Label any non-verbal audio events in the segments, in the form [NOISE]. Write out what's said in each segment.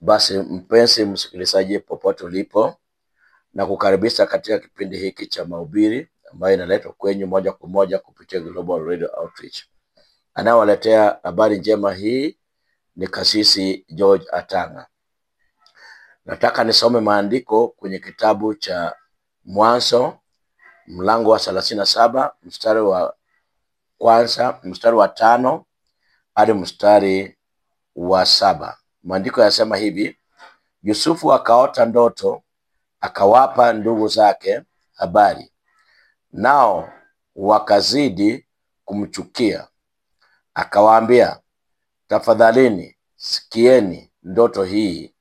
Basi mpenzi msikilizaji, popote ulipo, na kukaribisha katika kipindi hiki cha mahubiri ambayo inaletwa kwenyu moja kwa moja kupitia Global Radio Outreach. Anayewaletea habari njema hii ni Kasisi George Atanga. Nataka nisome maandiko kwenye kitabu cha Mwanzo mlango wa thelathini na saba mstari wa kwanza mstari wa tano hadi mstari wa saba. Maandiko yasema hivi, Yusufu akaota ndoto akawapa ndugu zake habari, nao wakazidi kumchukia. Akawaambia, tafadhalini sikieni ndoto hii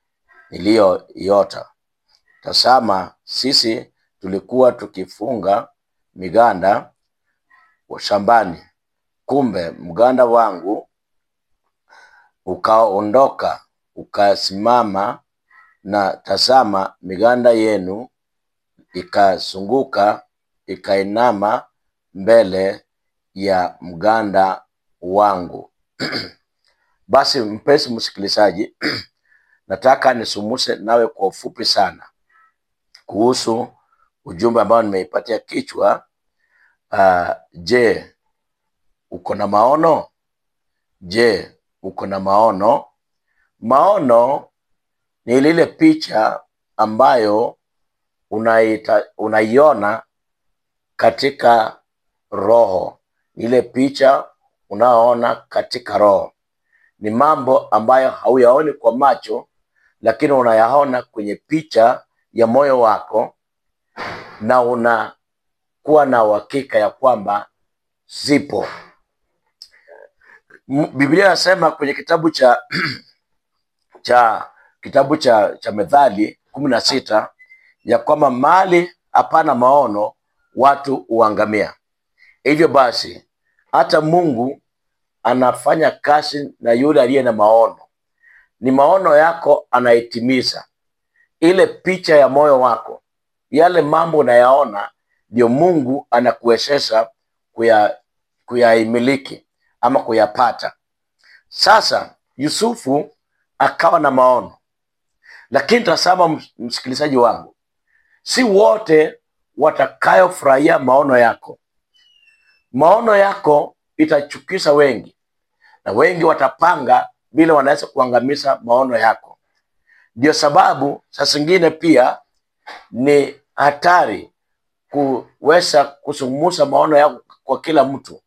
niliyoiota. Tazama, sisi tulikuwa tukifunga miganda shambani, kumbe mganda wangu ukaondoka ukasimama na tazama miganda yenu ikazunguka ikainama mbele ya mganda wangu. [CLEARS THROAT] Basi mpenzi msikilizaji, [CLEARS THROAT] nataka nisumuse nawe kwa ufupi sana kuhusu ujumbe ambao nimeipatia kichwa uh, je, uko na maono? Je, uko na maono? Maono ni lile picha ambayo unaita, unaiona katika roho, ile picha unaoona katika roho ni mambo ambayo hauyaoni kwa macho, lakini unayaona kwenye picha ya moyo wako, na unakuwa na uhakika ya kwamba zipo. Biblia inasema kwenye kitabu cha [CLEARS THROAT] cha kitabu cha, cha Methali kumi na sita ya kwamba mali hapana maono watu huangamia. Hivyo basi hata Mungu anafanya kazi na yule aliye na maono, ni maono yako anaitimiza. Ile picha ya moyo wako, yale mambo unayaona, ndio Mungu anakuwezesha kuyaimiliki kuya ama kuyapata. Sasa Yusufu akawa na maono. Lakini tazama, msikilizaji wangu, si wote watakayofurahia maono yako. Maono yako itachukisa wengi, na wengi watapanga vile wanaweza kuangamiza maono yako. Ndio sababu saa zingine pia ni hatari kuweza kuzungumza maono yako kwa kila mtu.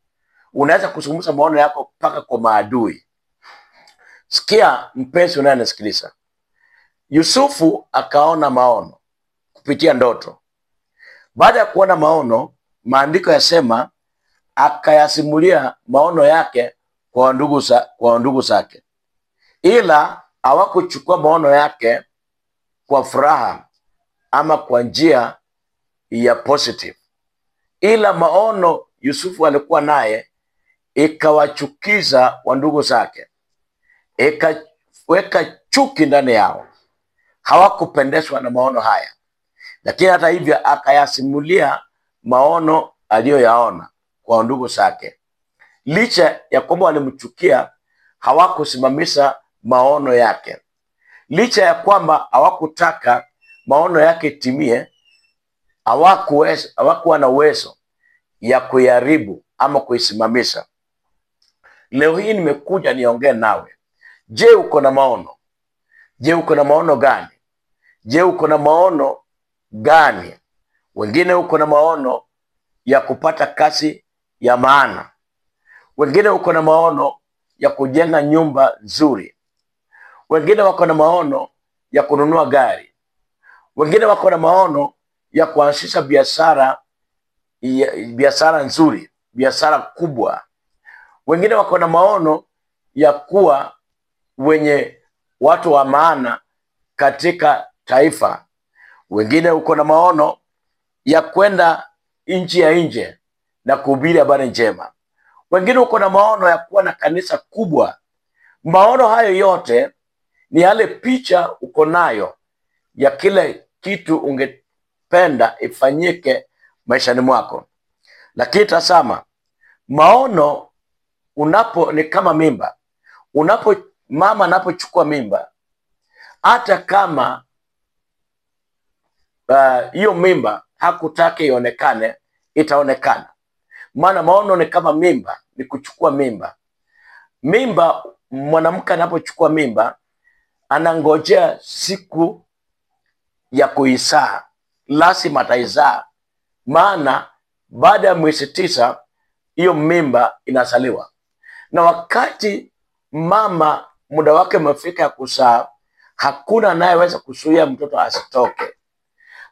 Unaweza kuzungumza maono yako mpaka kwa maadui. Sikia mpenzi unayenisikiliza, Yusufu akaona maono kupitia ndoto. Baada ya kuona maono, maandiko yasema akayasimulia maono yake kwa ndugu za, kwa ndugu zake, ila hawakuchukua maono yake kwa furaha ama kwa njia ya positive, ila maono Yusufu alikuwa naye ikawachukiza wa ndugu zake eka weka chuki ndani yao, hawakupendeshwa na maono haya, lakini hata hivyo akayasimulia maono aliyoyaona kwa ndugu zake. Licha ya kwamba walimchukia, hawakusimamisha maono yake. Licha ya kwamba hawakutaka maono yake timie, hawakuwa na uwezo ya kuiharibu ama kuisimamisha. Leo hii nimekuja niongee nawe Je, uko na maono? Je, uko na maono gani? Je, uko na maono gani? Wengine uko na maono ya kupata kazi ya maana, wengine uko na maono ya kujenga nyumba nzuri, wengine wako na maono ya kununua gari, wengine wako na maono ya kuanzisha biashara biashara nzuri, biashara kubwa, wengine wako na maono ya kuwa wenye watu wa maana katika taifa. Wengine uko na maono ya kwenda nchi ya nje na kuhubiri habari njema. Wengine uko na maono ya kuwa na kanisa kubwa. Maono hayo yote ni yale picha uko nayo ya kile kitu ungependa ifanyike maishani mwako. Lakini tazama, maono unapo ni kama mimba unapo mama anapochukua mimba, hata kama uh, hiyo uh, mimba hakutaka ionekane, itaonekana. Maana maono ni kama mimba, ni kuchukua mimba. Mimba, mwanamke anapochukua mimba anangojea siku ya kuizaa, lazima ataizaa, maana baada ya mwezi tisa hiyo mimba inazaliwa. Na wakati mama muda wake umefika ya kusaa hakuna anayeweza kusuia mtoto asitoke.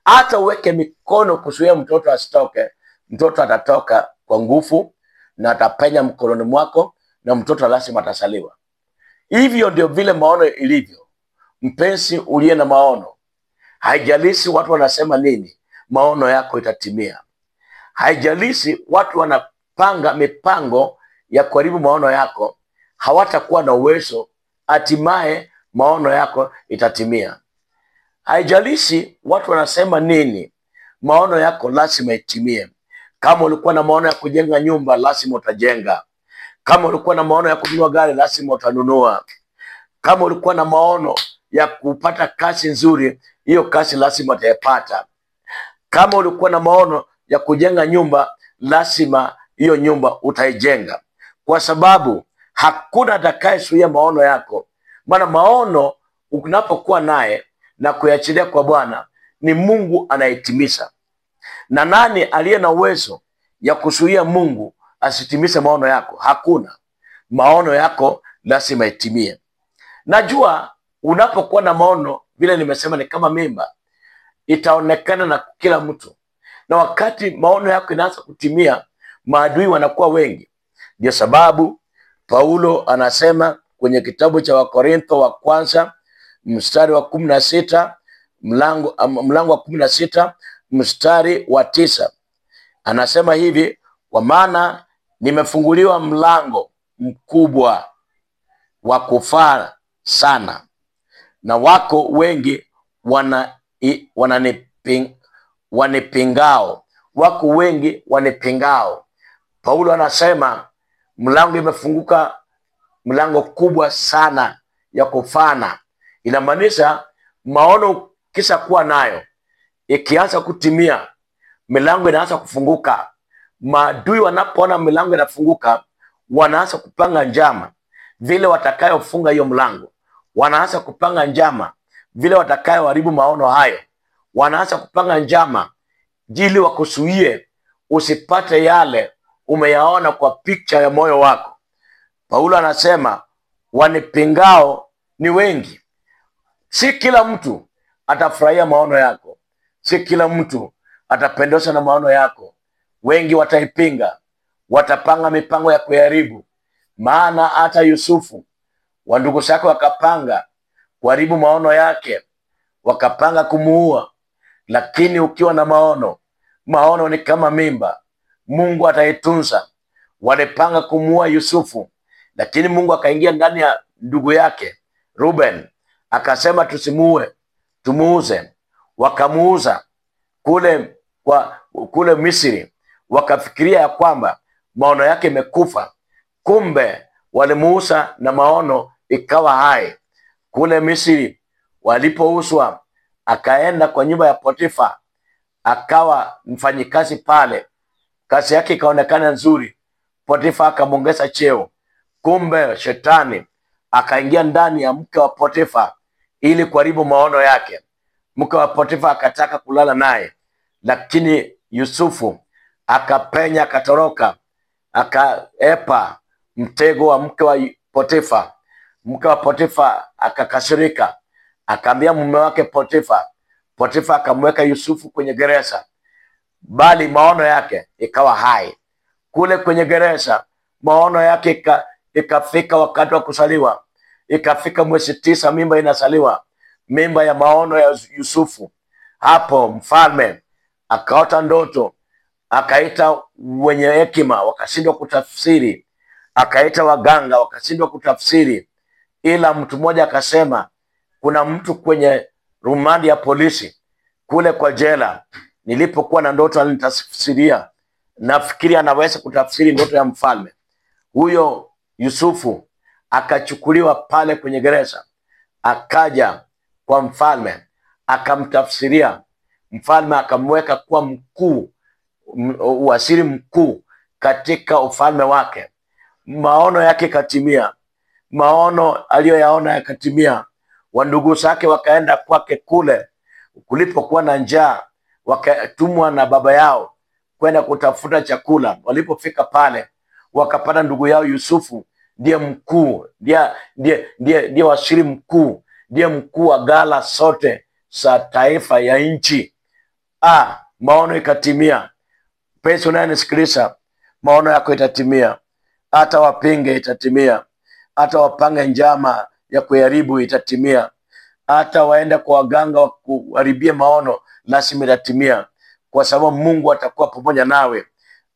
Hata uweke mikono kusuia mtoto asitoke, mtoto atatoka kwa nguvu na atapenya mkononi mwako, na mtoto lazima atasaliwa. Hivyo ndio vile maono ilivyo. Mpenzi uliye na maono, haijalishi watu wanasema nini, maono yako itatimia. Haijalishi watu wanapanga mipango ya kuharibu maono yako, hawatakuwa na uwezo hatimaye maono yako itatimia. Haijalishi watu wanasema nini, maono yako lazima itimie. Kama ulikuwa na maono ya kujenga nyumba, lazima utajenga. Kama ulikuwa na maono ya kununua gari, lazima utanunua. Kama ulikuwa na maono ya kupata kazi nzuri, hiyo kazi lazima utaipata. Kama ulikuwa na maono ya kujenga nyumba, lazima hiyo nyumba utaijenga, kwa sababu hakuna atakayesuia maono yako, maana maono unapokuwa naye na kuyachilia kwa Bwana ni Mungu anayetimiza. Na nani aliye na uwezo ya kusuia Mungu asitimize maono yako? Hakuna. Maono yako lazima itimie. Najua unapokuwa na maono, vile nimesema, ni kama mimba, itaonekana na kila mtu, na wakati maono yako inaanza kutimia, maadui wanakuwa wengi. Ndio sababu Paulo anasema kwenye kitabu cha Wakorintho wa kwanza mstari wa kumi na sita mlango, mlango wa kumi na sita mstari wa tisa anasema hivi, kwa maana nimefunguliwa mlango mkubwa wa kufaa sana, na wako wengi wana, wananiping, wanipingao, wako wengi wanipingao. Paulo anasema mlango imefunguka, mlango kubwa sana ya kufana. Inamaanisha maono kisha kuwa nayo ikianza kutimia, milango inaanza kufunguka. Maadui wanapoona milango inafunguka, wanaanza kupanga njama vile watakayofunga hiyo mlango, wanaanza kupanga njama vile watakayoharibu maono hayo, wanaanza kupanga njama jili wakusuie usipate yale umeyaona kwa picha ya moyo wako. Paulo anasema wanipingao ni wengi. Si kila mtu atafurahia maono yako, si kila mtu atapendezwa na maono yako. Wengi wataipinga, watapanga mipango ya kuharibu. Maana hata Yusufu wandugu zake wakapanga kuharibu maono yake, wakapanga kumuua. Lakini ukiwa na maono, maono ni kama mimba Mungu ataitunza. Walipanga kumuua Yusufu, lakini Mungu akaingia ndani ya ndugu yake Ruben akasema, tusimuue, tumuuze. Wakamuuza kule kwa kule Misri, wakafikiria ya kwamba maono yake imekufa, kumbe walimuuza na maono ikawa hai kule Misri. Walipouswa akaenda kwa nyumba ya Potifa, akawa mfanyikazi pale kazi yake ikaonekana nzuri, Potifa akamwongeza cheo. Kumbe shetani akaingia ndani ya mke wa Potifa ili kuharibu maono yake. Mke wa Potifa akataka kulala naye, lakini Yusufu akapenya, akatoroka, akaepa mtego wa mke wa Potifa. Mke wa Potifa akakasirika, akaambia mume wake Potifa. Potifa akamweka Yusufu kwenye gereza bali maono yake ikawa hai. Kule kwenye gereza maono yake ika, ikafika wakati wa kusaliwa, ikafika mwezi tisa, mimba inasaliwa, mimba ya maono ya Yusufu. Hapo mfalme akaota ndoto, akaita wenye hekima, wakashindwa kutafsiri, akaita waganga, wakashindwa kutafsiri, ila mtu mmoja akasema kuna mtu kwenye rumandi ya polisi kule kwa jela nilipokuwa na ndoto alinitafsiria. Nafikiri anaweza kutafsiri ndoto ya mfalme huyo. Yusufu akachukuliwa pale kwenye gereza, akaja kwa mfalme akamtafsiria. Mfalme akamweka kuwa mkuu, waziri mkuu katika ufalme wake. Maono yake ikatimia, maono aliyoyaona yakatimia. Wandugu zake wakaenda kwake kule kulipokuwa na njaa wakatumwa na baba yao kwenda kutafuta chakula. Walipofika pale, wakapata ndugu yao Yusufu, ndiye mkuu, ndiye waziri mkuu, ndiye mkuu wa gala sote za taifa ya nchi. Ah, maono ikatimia. Pesa unayonisikiliza maono yako itatimia, hata wapinge itatimia, hata wapange njama ya kuharibu itatimia hata waenda kwa waganga wakuharibie maono, nasi itatimia kwa sababu Mungu atakuwa pamoja nawe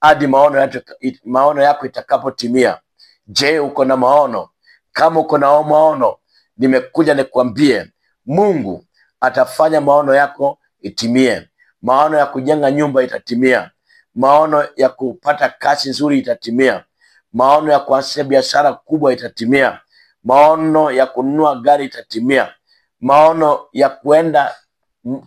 hadi maono, maono yako itakapotimia. Je, uko na maono? Kama uko na maono, nimekuja nikwambie, Mungu atafanya maono yako itimie. Maono ya kujenga nyumba itatimia. Maono ya kupata kazi nzuri itatimia. Maono ya kuanzisha biashara kubwa itatimia. Maono ya kununua gari itatimia maono ya kuenda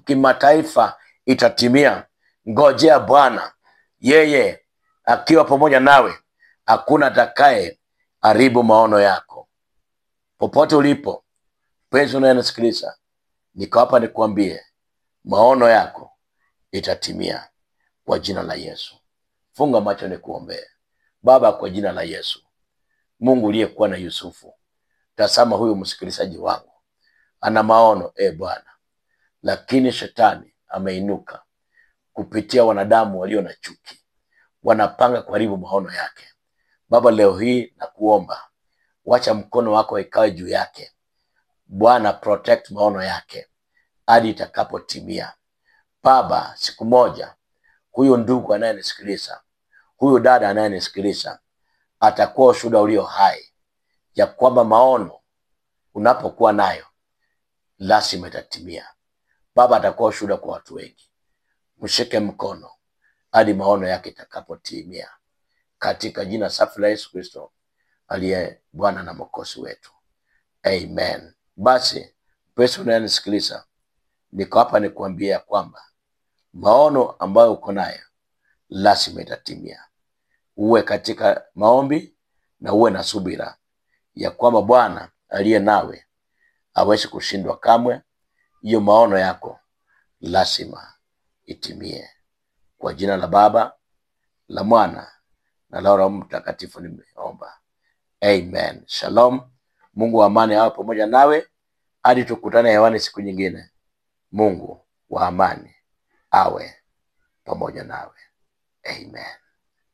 kimataifa itatimia. Ngojea Bwana, yeye akiwa pamoja nawe, hakuna atakaye haribu maono yako. Popote ulipo, mpenzi unayenasikiliza niko hapa nikuambie, maono yako itatimia kwa jina la Yesu. Funga macho nikuombee. Baba, kwa jina la Yesu, Mungu uliyekuwa na Yusufu, tasama huyu msikilizaji wangu ana maono e Bwana, lakini shetani ameinuka kupitia wanadamu walio na chuki, wanapanga kuharibu maono yake. Baba, leo hii nakuomba, wacha mkono wako ikawe juu yake Bwana, protect maono yake hadi itakapotimia. Baba, siku moja huyu ndugu anayenisikiliza, huyu dada anayenisikiliza atakuwa ushuhuda ulio hai ya kwamba maono unapokuwa nayo lazima itatimia. Baba atakuwa ushuhuda kwa watu wengi, mshike mkono hadi maono yake itakapotimia, katika jina safi la Yesu Kristo aliye Bwana na Mwokozi wetu, amen. Basi mpesi unayenisikiliza, niko hapa nikuambia ya kwamba maono ambayo uko nayo lazima itatimia. Uwe katika maombi na uwe na subira ya kwamba Bwana aliye nawe hawezi kushindwa kamwe. Hiyo maono yako lazima itimie. Kwa jina la Baba la Mwana na la Roho Mtakatifu nimeomba, amen. Shalom. Mungu wa amani awe pamoja nawe hadi tukutane hewani siku nyingine. Mungu wa amani awe pamoja nawe, amen.